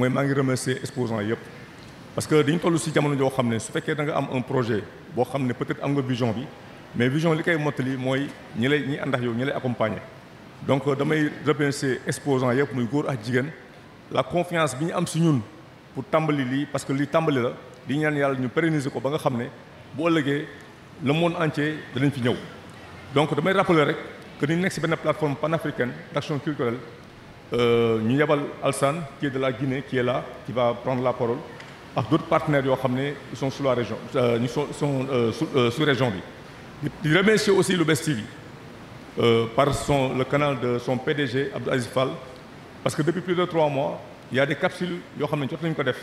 mooy maa ngi remercier exposant yëpp parce que dañu toll si jamono joo xam ne su fekkee danga am un projet boo xam ne peut-être am nga vision bi mais vision li koy mottali mooy ñi lay ñi àndax yow ñi lay accompagner donc euh, damay remercier exposant yëpp muy góor ak jigéen la confiance bi ñu am si ñun pour tàmbali lii parce que lii tàmbali la di ñaan yàlla ñu pérenniser ko ba nga xam ne bu ëllëgee le monde entier danañ fi ñëw donc damay rappeler rek que ñu nekk si benn plateforme panafricaine d'action Euh, ñu yebal Alsan qui est de la Guinée qui est là qui va prendre la parole ak d'autres partenaires yoo xam ne ils sont sous la région ñu euh, sont sont euh, sous région bi di remercier aussi Lou'Bess TV par son le canal de son PDG Abdou Aziz Fall parce que depuis plus de trois mois il y a des capsules yoo xam ne jot nañu ko def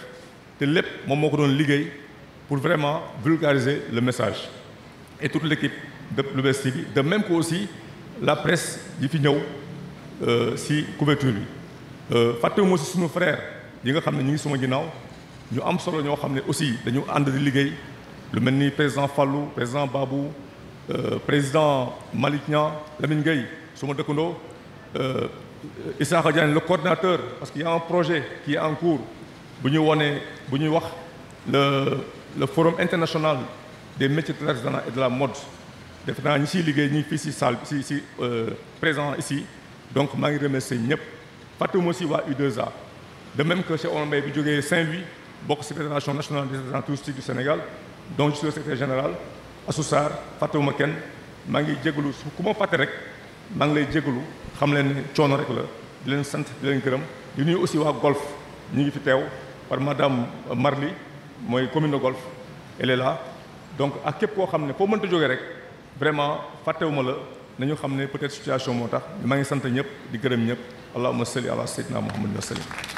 te lépp moom moo ko doon liggéey pour vraiment vulgariser le message et toute l'équipe de Lou'Bess TV de même que aussi la presse yi fi ñëw Euh, si couverture bi euh, fàttewuma si suñu frère yi nga xam ne ñu ngi suma ginnaaw ñu am solo ñoo xam ne aussi dañu ànd di liggéey lu mel nii président Fallou président Babou euh, président Malick Niang Lamine Gueye suma dëkkandoo Issakha Diagne le coordinateur parce que y a projet qui en cours bu ñuy wonee bu ñuy wax le le forum international des métiers de l'artisanat et la mode def naa ñi siy liggéey ñi ngi si salle si si présent ici donc maa ngi remercier ñëpp fàttewuma aussi waa u 2 de même que Cheikh Omar Mbaye bi jógee Saint-Louis bokk ci fédération nationale des agents touristiques du Sénégal donc je suis le secrétaire général Assou Sarr fàttewuma kenn maa ngi jégalu su ku ma fàtte rek maa ngi lay jégalu xam leen ne coono rek la di leen sant di leen gërëm di nuyu aussi waa golf ñu ngi fi teew par madame Marly mooy commune de golf elle est là donc ak képp koo xam ne foo mënta jógee rek vraiment fàttewuma la nañu xam ne peut-être situation moo tax maa ngi sant ñëpp di gërëm ñëpp allahumma salli ala sayyidina muhammad wa sallim